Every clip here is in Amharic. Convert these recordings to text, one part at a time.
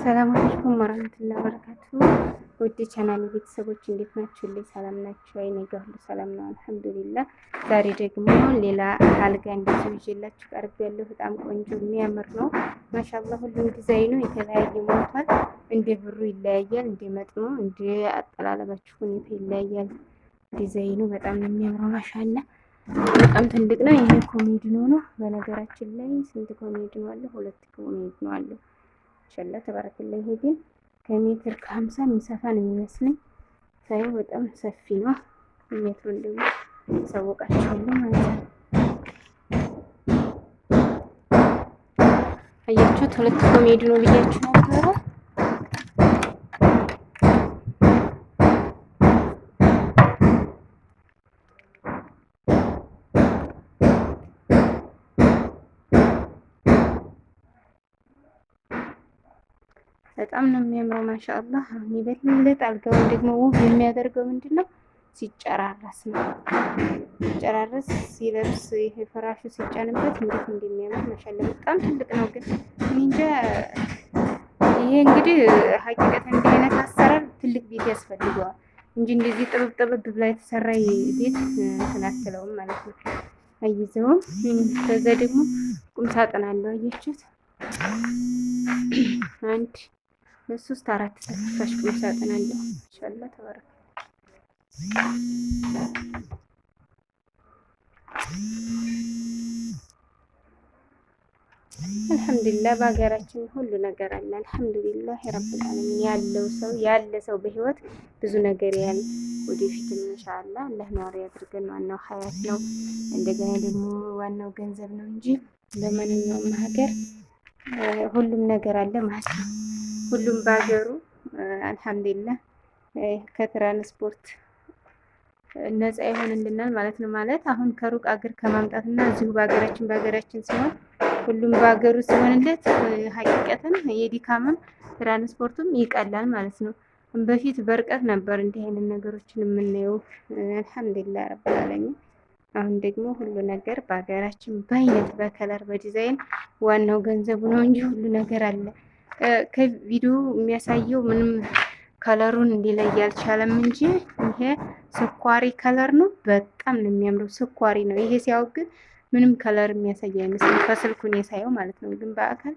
አሰላሙ አለይኩም ወራህመቱላሂ ወበረካቱሁ። ውድ ቻናል ቤተሰቦች እንዴት ናችሁልኝ? ሰላም ናችሁ? አይ ነገ ሁሉ ሰላም ነው አልሐምዱሊላህ። ዛሬ ደግሞ ሌላ አልጋ እንደዚህ ይዤላችሁ ቀርብ ያለው በጣም ቆንጆ የሚያምር ነው ማሻአላህ። ሁሉም ዲዛይኑ የተለያየ ሞልቷል። እንደ ብሩ ይለያያል፣ እንደ መጥኑ፣ እንደ አጠላለባችሁ ሁኔታ ይለያያል። ዲዛይኑ በጣም ነው የሚያምረው ማሻአላህ። በጣም ትልቅ ነው። ይሄ ኮሜዲ ነው ነው። በነገራችን ላይ ስንት ኮሜዲ ነው አለ? ሁለት ኮሜዲ ነው አለ ማሻላ ተባረክላ። ይሄድን ከሜትር ከሀምሳ የሚሰፋ ነው የሚመስለኝ ሳይሆን በጣም ሰፊ ነው። ሜትሩን ደግሞ ያሳወቃችኋለሁ ማለት ነው። አያችሁት ሁለት ኮሜድ ነው ብያችሁ በጣም ነው የሚያምረው። ማሻአላህ አሁን ይበልጥ አልጋውን ደግሞ ውብ የሚያደርገው ምንድን ነው? ሲጨራረስ ነው። ሲጨራረስ ሲለብስ ይሄ ፍራሹ ሲጫንበት እንዴት እንደሚያምር ማሻአላህ በጣም ትልቅ ነው። ግን እንጃ ይሄ እንግዲህ ሀቂቀት እንዲህ አይነት አሰራር ትልቅ ቤት ያስፈልገዋል እንጂ እንደዚህ ጥብብ ጥብብ ብላ የተሰራ ቤት ትናትለውም ማለት ነው። አይዘውም። ከዛ ደግሞ ቁም ሳጥን አለው አያችሁት? አንድ ምን ሶስት አራት ሰፋሽ ቁም ሳጥን አለ። ኢንሻአላህ ተባረክ። አልሐምዱሊላህ በሀገራችን ሁሉ ነገር አለ። አልሐምዱሊላህ ረብል ዓለሚን ያለው ሰው ያለ ሰው በህይወት ብዙ ነገር ያለ ወደፊትም ኢንሻአላህ አላህ ነዋሪ አድርገን። ዋናው ሀያት ነው፣ እንደገና ደግሞ ዋናው ገንዘብ ነው እንጂ በማንኛውም ሀገር ሁሉም ነገር አለ ማለት ነው። ሁሉም በሀገሩ አልሐምዱሊላህ ከትራንስፖርት ነፃ ይሆንልናል ማለት ነው። ማለት አሁን ከሩቅ አገር ከማምጣትና እዚሁ በሀገራችን በሀገራችን ሲሆን ሁሉም በሀገሩ ሲሆንለት ሀቂቀትን የዲካምም ትራንስፖርቱም ይቀላል ማለት ነው። በፊት በርቀት ነበር እንዲህ አይነት ነገሮችን የምናየው። አልሐምዱሊላ ረብላለኝ። አሁን ደግሞ ሁሉ ነገር በሀገራችን በአይነት በከለር በዲዛይን ዋናው ገንዘቡ ነው እንጂ ሁሉ ነገር አለ። ከቪዲዮ የሚያሳየው ምንም ከለሩን እንዲለይ አልቻለም እንጂ ይሄ ስኳሪ ከለር ነው። በጣም ነው የሚያምረው። ስኳሪ ነው ይሄ። ሲያውቅ ግን ምንም ከለር የሚያሳይ አይመስልም። ከስልኩን የሳየው ማለት ነው። ግን በአካል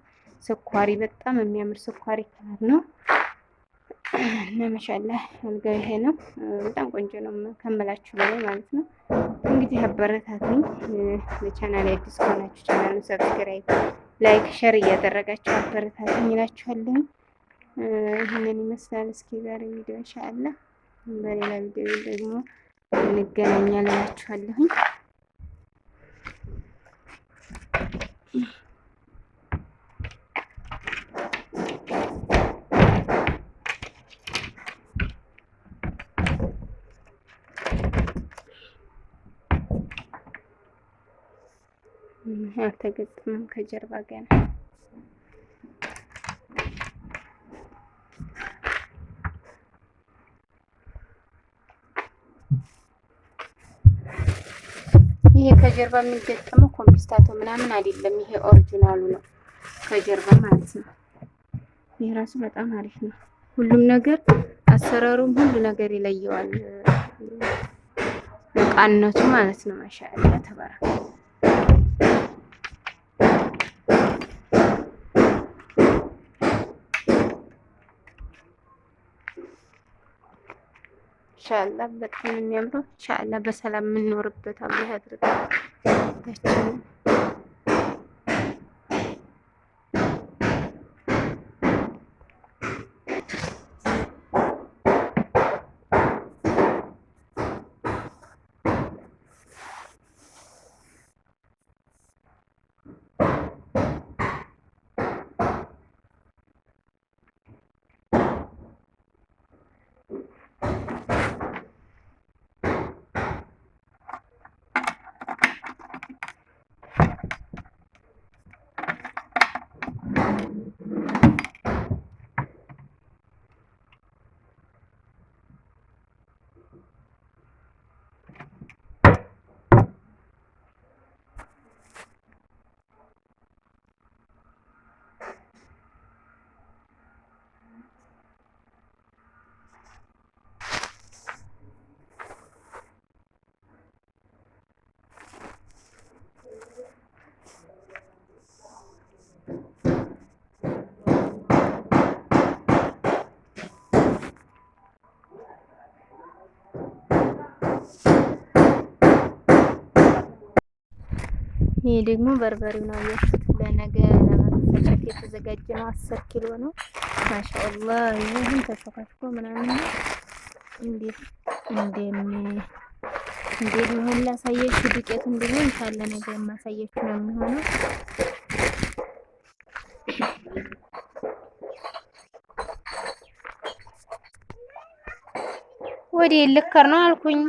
ስኳሪ በጣም የሚያምር ስኳሪ ከለር ነው እና አልጋ ይሄ ነው። በጣም ቆንጆ ነው ከመላችሁ በላይ ማለት ነው። እንግዲህ አበረታትኝ። ለቻናል አዲስ ከሆናችሁ ቻናሉን ሰብስክራይብ ላይክ ሸር እያደረጋችሁ አበረታቱኝ ይላችኋለሁ። ይህንን ይመስላል። እስኪ ዛሬ ቪዲዮ ኢንሻአላህ በሌላ ቪዲዮ ደግሞ እንገናኛለን እላችኋለሁኝ። አልተገጠመም ከጀርባ ገና ይሄ ከጀርባ የሚገጠመው ኮምፒስታቶ ምናምን አይደለም። ይሄ ኦሪጂናሉ ነው ከጀርባ ማለት ነው። ይሄ ራሱ በጣም አሪፍ ነው። ሁሉም ነገር አሰራሩም ሁሉ ነገር ይለየዋል። እቃነቱ ማለት ነው። ማሻአላ ተባረክ እንሻላ በጣም የሚያምረው እንሻላ በሰላም የምንኖርበት አላህ ያድርጋችሁ። ይሄ ደግሞ በርበሬው ነው ያሽት ለነገ ለመፈጨት የተዘጋጀ ነው። አስር ኪሎ ነው። ማሻአላ ይሄን ተሸፋፍቶ ምናምን እንዴት እንደሚ እንዴት መሆን ላሳያችሁ። ዱቄቱን ደግሞ ካለ ነገ ነው የሚሆነው። ወዴ ልከር ነው አልኩኝ።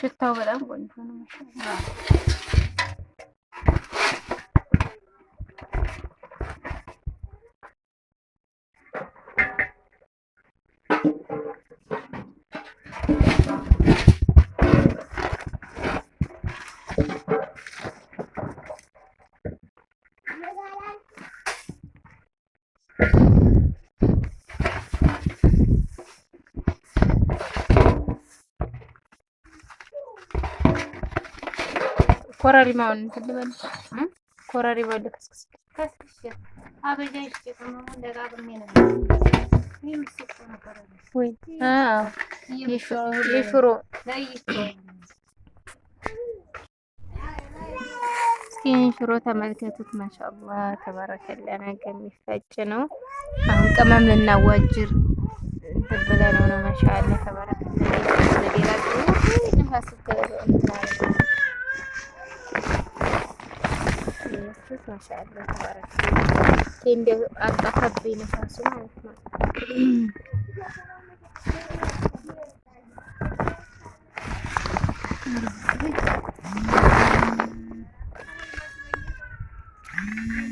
ሽታው በጣም ቆንጆ ነው። ኮረሪማውን እንትን ልበል ኮረሪማውን ልከስክስ የሽሮ እስኪን ሽሮ ተመልከቱት። ማሻአላ ተባረከላ ነገር የሚፈጭ ነው። አሁን ቅመም ልናዋጅር ብለን ነው። ማሻአላ ተባረከላ ሌላ የምትሉት ማሻአላ ተባረክ። እንደ አጣፋብኝ ነፋሱ ማለት ነው። Thank